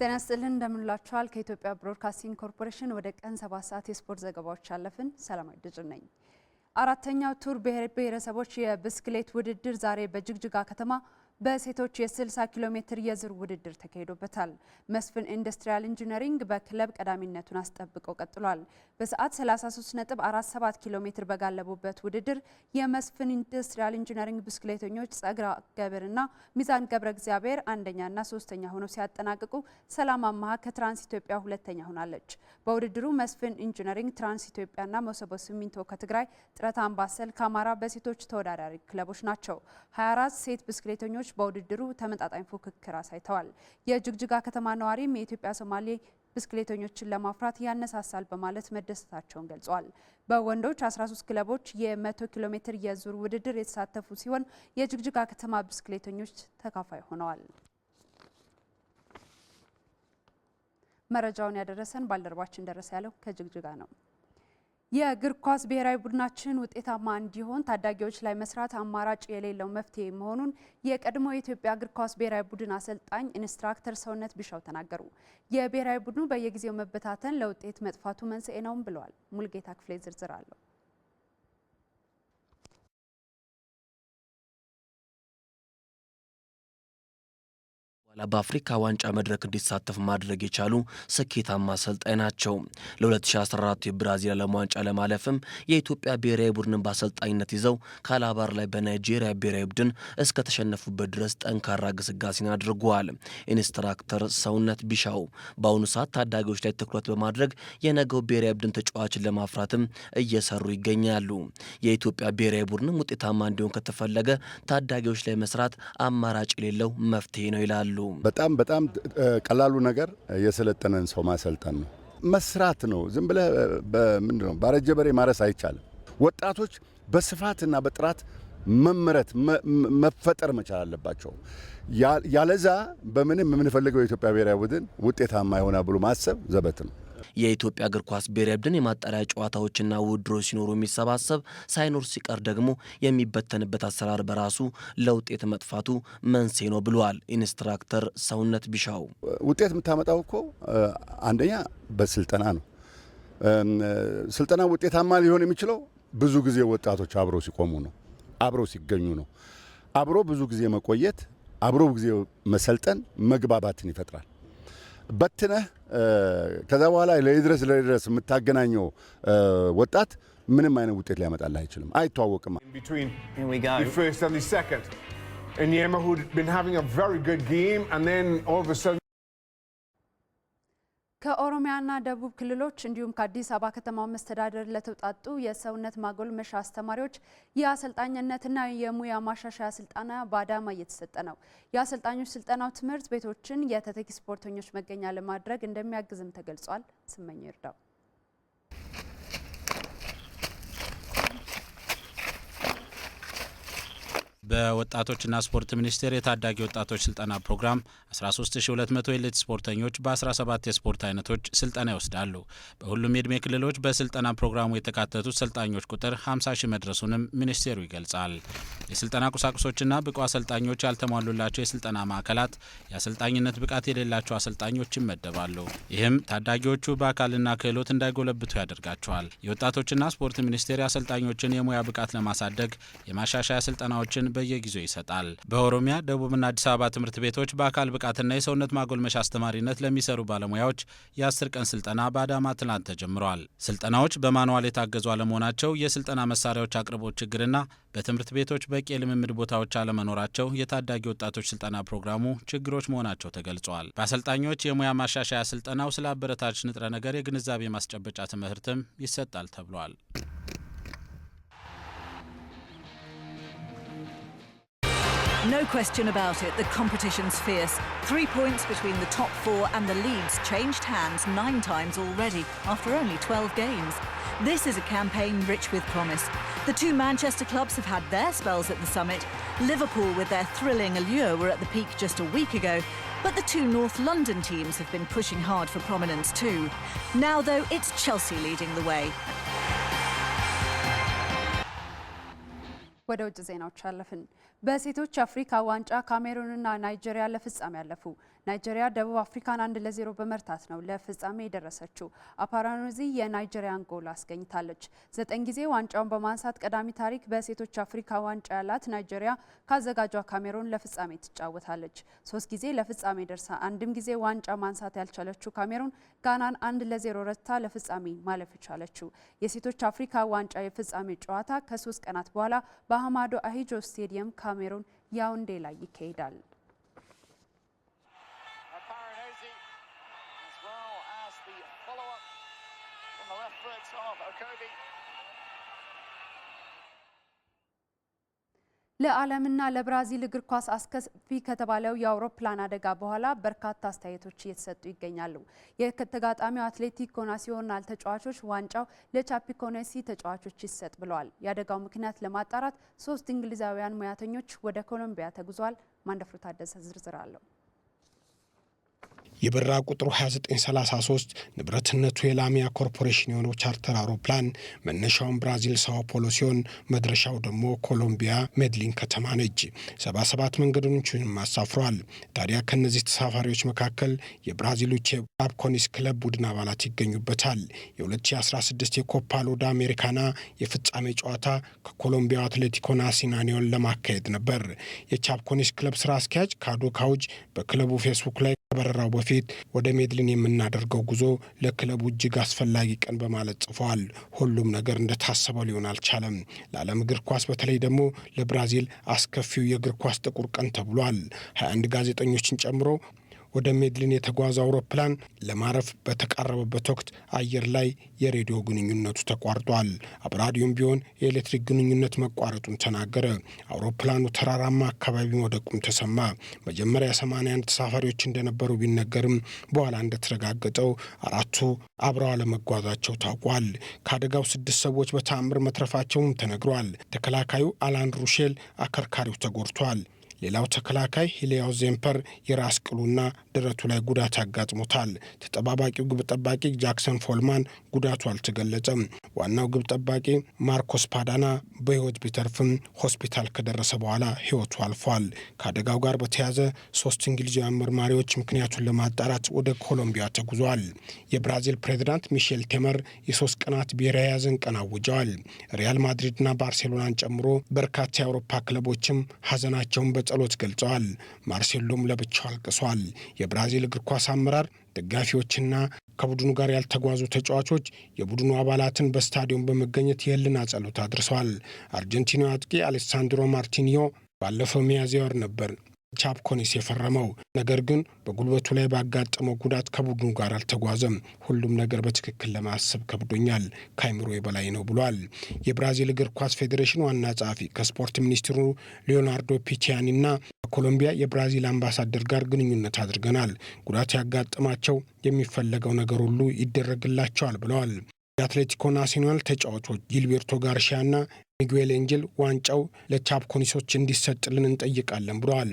ጤና ይስጥልን እንደምንላችኋል። ከኢትዮጵያ ብሮድካስቲንግ ኮርፖሬሽን ወደ ቀን ሰባት ሰዓት የስፖርት ዘገባዎች አለፍን። ሰላማዊ ድርጅት ነኝ። አራተኛው ቱር ብሔር ብሔረሰቦች የብስክሌት ውድድር ዛሬ በጅግጅጋ ከተማ በሴቶች የ60 ኪሎ ሜትር የዝር ውድድር ተካሂዶበታል። መስፍን ኢንዱስትሪያል ኢንጂነሪንግ በክለብ ቀዳሚነቱን አስጠብቀው ቀጥሏል። በሰዓት 33.47 ኪሎ ሜትር በጋለቡበት ውድድር የመስፍን ኢንዱስትሪያል ኢንጂነሪንግ ብስክሌተኞች ጸግራ ገብርና ሚዛን ገብረ እግዚአብሔር አንደኛና ሶስተኛ ሆነው ሲያጠናቅቁ ሰላም አማሃ ከትራንስ ኢትዮጵያ ሁለተኛ ሆናለች። በውድድሩ መስፍን ኢንጂነሪንግ፣ ትራንስ ኢትዮጵያና መሶቦ ሲሚንቶ ከትግራይ፣ ጥረት አምባሰል ከአማራ በሴቶች ተወዳዳሪ ክለቦች ናቸው። 24 ሴት ብስክሌተኞች ተወዳዳሪዎች በውድድሩ ተመጣጣኝ ፉክክር አሳይተዋል። የጅግጅጋ ከተማ ነዋሪም የኢትዮጵያ ሶማሌ ብስክሌተኞችን ለማፍራት ያነሳሳል በማለት መደሰታቸውን ገልጸዋል። በወንዶች 13 ክለቦች የ100 ኪሎ ሜትር የዙር ውድድር የተሳተፉ ሲሆን የጅግጅጋ ከተማ ብስክሌተኞች ተካፋይ ሆነዋል። መረጃውን ያደረሰን ባልደረባችን ደረሰ ያለው ከጅግጅጋ ነው። የእግር ኳስ ብሔራዊ ቡድናችን ውጤታማ እንዲሆን ታዳጊዎች ላይ መስራት አማራጭ የሌለው መፍትሄ መሆኑን የቀድሞ የኢትዮጵያ እግር ኳስ ብሔራዊ ቡድን አሰልጣኝ ኢንስትራክተር ሰውነት ቢሻው ተናገሩ። የብሔራዊ ቡድኑ በየጊዜው መበታተን ለውጤት መጥፋቱ መንስኤ ነውም ብለዋል። ሙልጌታ ክፍሌ ዝርዝር አለው። በአፍሪካ ዋንጫ መድረክ እንዲሳተፍ ማድረግ የቻሉ ስኬታማ አሰልጣኝ ናቸው። ለ2014 የብራዚል ዓለም ዋንጫ ለማለፍም የኢትዮጵያ ብሔራዊ ቡድንን በአሰልጣኝነት ይዘው ካላባር ላይ በናይጄሪያ ብሔራዊ ቡድን እስከተሸነፉበት ድረስ ጠንካራ ግስጋሴን አድርገዋል። ኢንስትራክተር ሰውነት ቢሻው በአሁኑ ሰዓት ታዳጊዎች ላይ ትኩረት በማድረግ የነገው ብሔራዊ ቡድን ተጫዋችን ለማፍራትም እየሰሩ ይገኛሉ። የኢትዮጵያ ብሔራዊ ቡድንም ውጤታማ እንዲሆን ከተፈለገ ታዳጊዎች ላይ መስራት አማራጭ የሌለው መፍትሄ ነው ይላሉ። በጣም በጣም ቀላሉ ነገር የሰለጠነን ሰው ማሰልጠን ነው፣ መስራት ነው። ዝም ብለህ ምንድን ነው ባረጀ በሬ ማረስ አይቻልም። ወጣቶች በስፋትና በጥራት መመረት መፈጠር መቻል አለባቸው። ያለዛ በምንም የምንፈልገው የኢትዮጵያ ብሔራዊ ቡድን ውጤታማ ይሆናል ብሎ ማሰብ ዘበት ነው። የኢትዮጵያ እግር ኳስ ብሔራዊ ቡድን የማጣሪያ ጨዋታዎችና ውድድሮች ሲኖሩ የሚሰባሰብ ሳይኖር ሲቀር ደግሞ የሚበተንበት አሰራር በራሱ ለውጤት መጥፋቱ መንስኤ ነው ብለዋል ኢንስትራክተር ሰውነት ቢሻው። ውጤት የምታመጣው እኮ አንደኛ በስልጠና ነው። ስልጠና ውጤታማ ሊሆን የሚችለው ብዙ ጊዜ ወጣቶች አብረው ሲቆሙ ነው፣ አብረው ሲገኙ ነው። አብሮ ብዙ ጊዜ መቆየት፣ አብሮ ጊዜ መሰልጠን መግባባትን ይፈጥራል። በትነህ ከዛ በኋላ ለይድረስ ለይድረስ የምታገናኘው ወጣት ምንም አይነት ውጤት ሊያመጣልህ አይችልም፣ አይተዋወቅም። ከኦሮሚያና ደቡብ ክልሎች እንዲሁም ከአዲስ አበባ ከተማ መስተዳደር ለተውጣጡ የሰውነት ማጎልመሻ አስተማሪዎች የአሰልጣኝነትና የሙያ ማሻሻያ ስልጠና በአዳማ እየተሰጠ ነው። የአሰልጣኞች ስልጠናው ትምህርት ቤቶችን የተተኪ ስፖርተኞች መገኛ ለማድረግ እንደሚያግዝም ተገልጿል። ስመኝ ይርዳው በወጣቶችና ስፖርት ሚኒስቴር የታዳጊ ወጣቶች ስልጠና ፕሮግራም 13200 የኤሊት ስፖርተኞች በ17 የስፖርት አይነቶች ስልጠና ይወስዳሉ። በሁሉም የእድሜ ክልሎች በስልጠና ፕሮግራሙ የተካተቱት ሰልጣኞች ቁጥር 50 ሺህ መድረሱንም ሚኒስቴሩ ይገልጻል። የስልጠና ቁሳቁሶችና ብቁ አሰልጣኞች ያልተሟሉላቸው የስልጠና ማዕከላት የአሰልጣኝነት ብቃት የሌላቸው አሰልጣኞች ይመደባሉ። ይህም ታዳጊዎቹ በአካልና ክህሎት እንዳይጎለብቱ ያደርጋቸዋል። የወጣቶችና ስፖርት ሚኒስቴር የአሰልጣኞችን የሙያ ብቃት ለማሳደግ የማሻሻያ ስልጠናዎችን በየጊዜው ይሰጣል። በኦሮሚያ ደቡብና አዲስ አበባ ትምህርት ቤቶች በአካል ብቃትና የሰውነት ማጎልመሻ አስተማሪነት ለሚሰሩ ባለሙያዎች የአስር ቀን ስልጠና በአዳማ ትናንት ተጀምሯል። ስልጠናዎች በማንዋል የታገዙ አለመሆናቸው፣ የስልጠና መሳሪያዎች አቅርቦት ችግርና በትምህርት ቤቶች በቂ የልምምድ ቦታዎች አለመኖራቸው የታዳጊ ወጣቶች ስልጠና ፕሮግራሙ ችግሮች መሆናቸው ተገልጿል። በአሰልጣኞች የሙያ ማሻሻያ ስልጠናው ስለ አበረታች ንጥረ ነገር የግንዛቤ ማስጨበጫ ትምህርትም ይሰጣል ተብሏል። No question about it, the competition's fierce. Three points between the top four and the leagues changed hands nine times already after only 12 games. This is a campaign rich with promise. The two Manchester clubs have had their spells at the summit. Liverpool, with their thrilling allure, were at the peak just a week ago. But the two North London teams have been pushing hard for prominence too. Now, though, it's Chelsea leading the way. ወደ ውጭ ዜናዎች አለፍን። በሴቶች አፍሪካ ዋንጫ ካሜሩንና ናይጄሪያ ለፍጻሜ ያለፉ። ናይጄሪያ ደቡብ አፍሪካን አንድ ለዜሮ በመርታት ነው ለፍጻሜ የደረሰችው። አፓራኖዚ የናይጄሪያን ጎል አስገኝታለች። ዘጠኝ ጊዜ ዋንጫውን በማንሳት ቀዳሚ ታሪክ በሴቶች አፍሪካ ዋንጫ ያላት ናይጄሪያ ካዘጋጇ ካሜሩን ለፍጻሜ ትጫወታለች። ሶስት ጊዜ ለፍጻሜ ደርሳ አንድም ጊዜ ዋንጫ ማንሳት ያልቻለችው ካሜሩን ጋናን አንድ ለዜሮ ረታ ለፍጻሜ ማለፍ የሴቶች አፍሪካ ዋንጫ የፍጻሜ ጨዋታ ከሶስት ቀናት በኋላ በ በአህማዶ አሂጆ ስቴዲየም ካሜሩን ያውንዴ ላይ ይካሄዳል። ለዓለምና ለብራዚል እግር ኳስ አስከፊ ከተባለው የአውሮፕላን አደጋ በኋላ በርካታ አስተያየቶች እየተሰጡ ይገኛሉ። የተጋጣሚው አትሌቲኮ ናሲዮናል ተጫዋቾች ዋንጫው ለቻፒኮኔሲ ተጫዋቾች ይሰጥ ብለዋል። የአደጋው ምክንያት ለማጣራት ሶስት እንግሊዛውያን ሙያተኞች ወደ ኮሎምቢያ ተጉዟል። ማንደፍሮ ታደሰ ዝርዝር አለው። የበራ ቁጥሩ 2933 ንብረትነቱ የላሚያ ኮርፖሬሽን የሆነው ቻርተር አውሮፕላን መነሻውን ብራዚል ሳዋፖሎ ሲሆን መድረሻው ደግሞ ኮሎምቢያ ሜድሊን ከተማ ነች። 77 መንገደኞችንም አሳፍሯል። ታዲያ ከእነዚህ ተሳፋሪዎች መካከል የብራዚሉ ቼብኮኒስ ክለብ ቡድን አባላት ይገኙበታል። የ2016 የኮፓ ሎዳ አሜሪካና የፍጻሜ ጨዋታ ከኮሎምቢያው አትሌቲኮ ናሲናኒዮን ለማካሄድ ነበር። የቻፕኮኒስ ክለብ ስራ አስኪያጅ ካዶ ካውጅ በክለቡ ፌስቡክ ላይ ከበረራው በፊት ወደ ሜድሊን የምናደርገው ጉዞ ለክለቡ እጅግ አስፈላጊ ቀን በማለት ጽፏል። ሁሉም ነገር እንደታሰበው ሊሆን አልቻለም። ለዓለም እግር ኳስ በተለይ ደግሞ ለብራዚል አስከፊው የእግር ኳስ ጥቁር ቀን ተብሏል። 21 ጋዜጠኞችን ጨምሮ ወደ ሜድሊን የተጓዘ አውሮፕላን ለማረፍ በተቃረበበት ወቅት አየር ላይ የሬዲዮ ግንኙነቱ ተቋርጧል። አብራዲዮም ቢሆን የኤሌክትሪክ ግንኙነት መቋረጡን ተናገረ። አውሮፕላኑ ተራራማ አካባቢ መውደቁም ተሰማ። መጀመሪያ 81 ተሳፋሪዎች እንደነበሩ ቢነገርም በኋላ እንደተረጋገጠው አራቱ አብረው አለመጓዛቸው ታውቋል። ከአደጋው ስድስት ሰዎች በተአምር መትረፋቸውም ተነግሯል። ተከላካዩ አላን ሩሼል አከርካሪው ተጎድቷል። ሌላው ተከላካይ ሂሊያው ዜምፐር የራስ ቅሉና ደረቱ ላይ ጉዳት አጋጥሞታል። ተጠባባቂው ግብ ጠባቂ ጃክሰን ፎልማን ጉዳቱ አልተገለጸም። ዋናው ግብ ጠባቂ ማርኮስ ፓዳና በሕይወት ቢተርፍም ሆስፒታል ከደረሰ በኋላ ሕይወቱ አልፏል። ከአደጋው ጋር በተያያዘ ሶስት እንግሊዛውያን መርማሪዎች ምክንያቱን ለማጣራት ወደ ኮሎምቢያ ተጉዟል። የብራዚል ፕሬዚዳንት ሚሼል ቴመር የሶስት ቀናት ብሔራዊ ሐዘን ቀን አውጀዋል። ሪያል ማድሪድና ባርሴሎናን ጨምሮ በርካታ የአውሮፓ ክለቦችም ሐዘናቸውን በ ጸሎት ገልጸዋል። ማርሴሎም ለብቻው አልቅሷል። የብራዚል እግር ኳስ አመራር ደጋፊዎችና ከቡድኑ ጋር ያልተጓዙ ተጫዋቾች የቡድኑ አባላትን በስታዲየም በመገኘት የህልና ጸሎት አድርሰዋል። አርጀንቲናዊ አጥቂ አሌሳንድሮ ማርቲኒዮ ባለፈው ሚያዝያ ወር ነበር ቻፕኮኒስ የፈረመው። ነገር ግን በጉልበቱ ላይ ባጋጠመው ጉዳት ከቡድኑ ጋር አልተጓዘም። ሁሉም ነገር በትክክል ለማሰብ ከብዶኛል፣ ከአይምሮ በላይ ነው ብሏል። የብራዚል እግር ኳስ ፌዴሬሽን ዋና ጸሐፊ ከስፖርት ሚኒስትሩ ሊዮናርዶ ፒቺያኒና ኮሎምቢያ የብራዚል አምባሳደር ጋር ግንኙነት አድርገናል። ጉዳት ያጋጠማቸው የሚፈለገው ነገር ሁሉ ይደረግላቸዋል ብለዋል። የአትሌቲኮ ናሲዮናል ተጫዋቾች ጊልቤርቶ ጋርሺያና ሚጉኤል ኤንጅል ዋንጫው ለቻፕኮኒሶች እንዲሰጥልን እንጠይቃለን ብለዋል።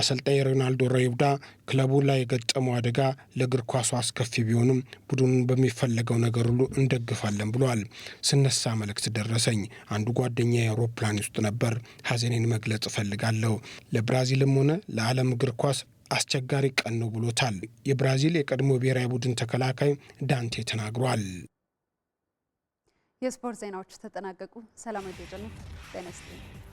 አሰልጣኝ ሮናልዶ ረዩዳ ክለቡ ላይ የገጠመው አደጋ ለእግር ኳሱ አስከፊ ቢሆንም ቡድኑን በሚፈለገው ነገር ሁሉ እንደግፋለን ብለዋል። ስነሳ መልእክት ደረሰኝ። አንዱ ጓደኛ የአውሮፕላን ውስጥ ነበር። ሀዘኔን መግለጽ እፈልጋለሁ። ለብራዚልም ሆነ ለዓለም እግር ኳስ አስቸጋሪ ቀን ነው ብሎታል የብራዚል የቀድሞ ብሔራዊ ቡድን ተከላካይ ዳንቴ ተናግሯል። የስፖርት ዜናዎች ተጠናቀቁ። ሰላም አይደጨሉ ጤና